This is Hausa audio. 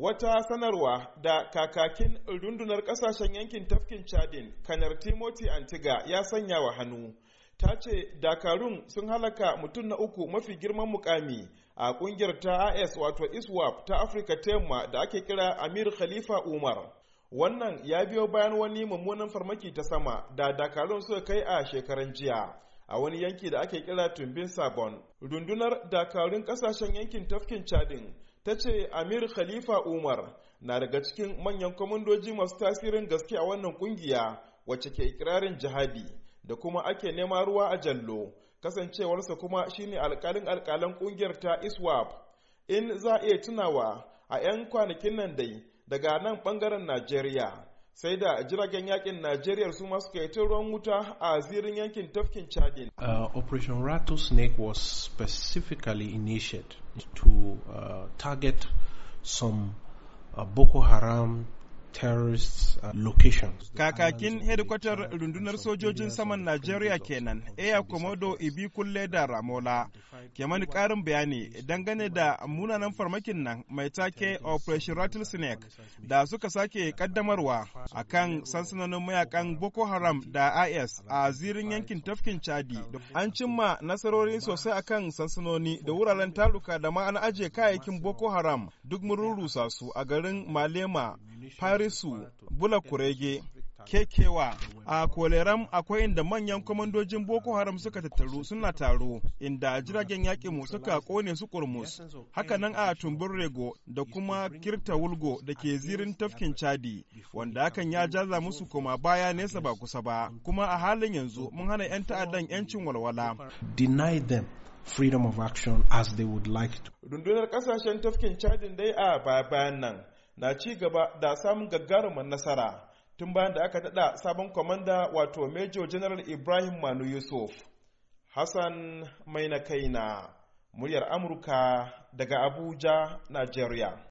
wata sanarwa da kakakin rundunar kasashen yankin tafkin chadin kanar timothy antiga ya sanya wa hannu ta ce dakarun sun halaka mutum na uku mafi girman mukami a kungiyar ta as wato iswap ta afirka ta da ake kira amir khalifa umar wannan ya biyo bayan wani mummunan farmaki ta sama da dakarun suka kai a shekaran jiya a wani yanki da ake kira tumbin sabon rundunar dakarun kasashen yankin tafkin chadin ta ce amir khalifa umar na daga cikin manyan kwamandoji masu tasirin gaske a wannan kungiya wacce ke ikirarin jihadi da kuma ake nema ruwa a jallo kasancewarsa kuma shine alkalin alkalan kungiyar ta iswap in za a iya tunawa a 'yan kwanakin nan dai daga nan bangaren najeriya sai da jiragen yakin Najeriya su masu kaitun ruwan wuta a zirin yankin tafkin Chadin. Uh, Operation Rattlesnake was specifically initiated to uh, target some uh, Boko Haram terrorist uh, Kakakin hedikwatar rundunar sojojin saman Najeriya kenan, Air Komodo Ibi Kulle da Ramola, ke mani karin bayani dangane da munanan farmakin nan mai take Operation Rattlesnake da suka sake ƙaddamarwa. akan sansanonin mayakan Boko Haram da IS a zirin yankin tafkin Chadi. An cimma nasarori sosai akan sansanoni da wuraren taluka da ma'ana ajiye kayayyakin Boko Haram duk mun su a garin Malema Farisu, Bula Kurege, Kekewa, a Koleram akwai inda manyan kwamandojin Boko Haram suka tattaru suna taro inda jiragen yaƙin mu suka ƙone su kurmus. Haka nan a Tumbin Rego da kuma Kirta Wulgo da ke zirin tafkin Chadi, wanda hakan ya jaza musu koma baya nesa ba kusa ba. Kuma a halin yanzu mun hana 'yan ta'addan 'yancin walwala. Deny them freedom of action as they would like to. Rundunar kasashen tafkin Chadin dai a babanan nan na ci gaba da samun gagarumin nasara tun bayan da aka daɗa sabon kwamanda wato Major General Ibrahim Manu Yusuf. Hassan Mai na kaina, muryar Amurka daga Abuja, nigeria.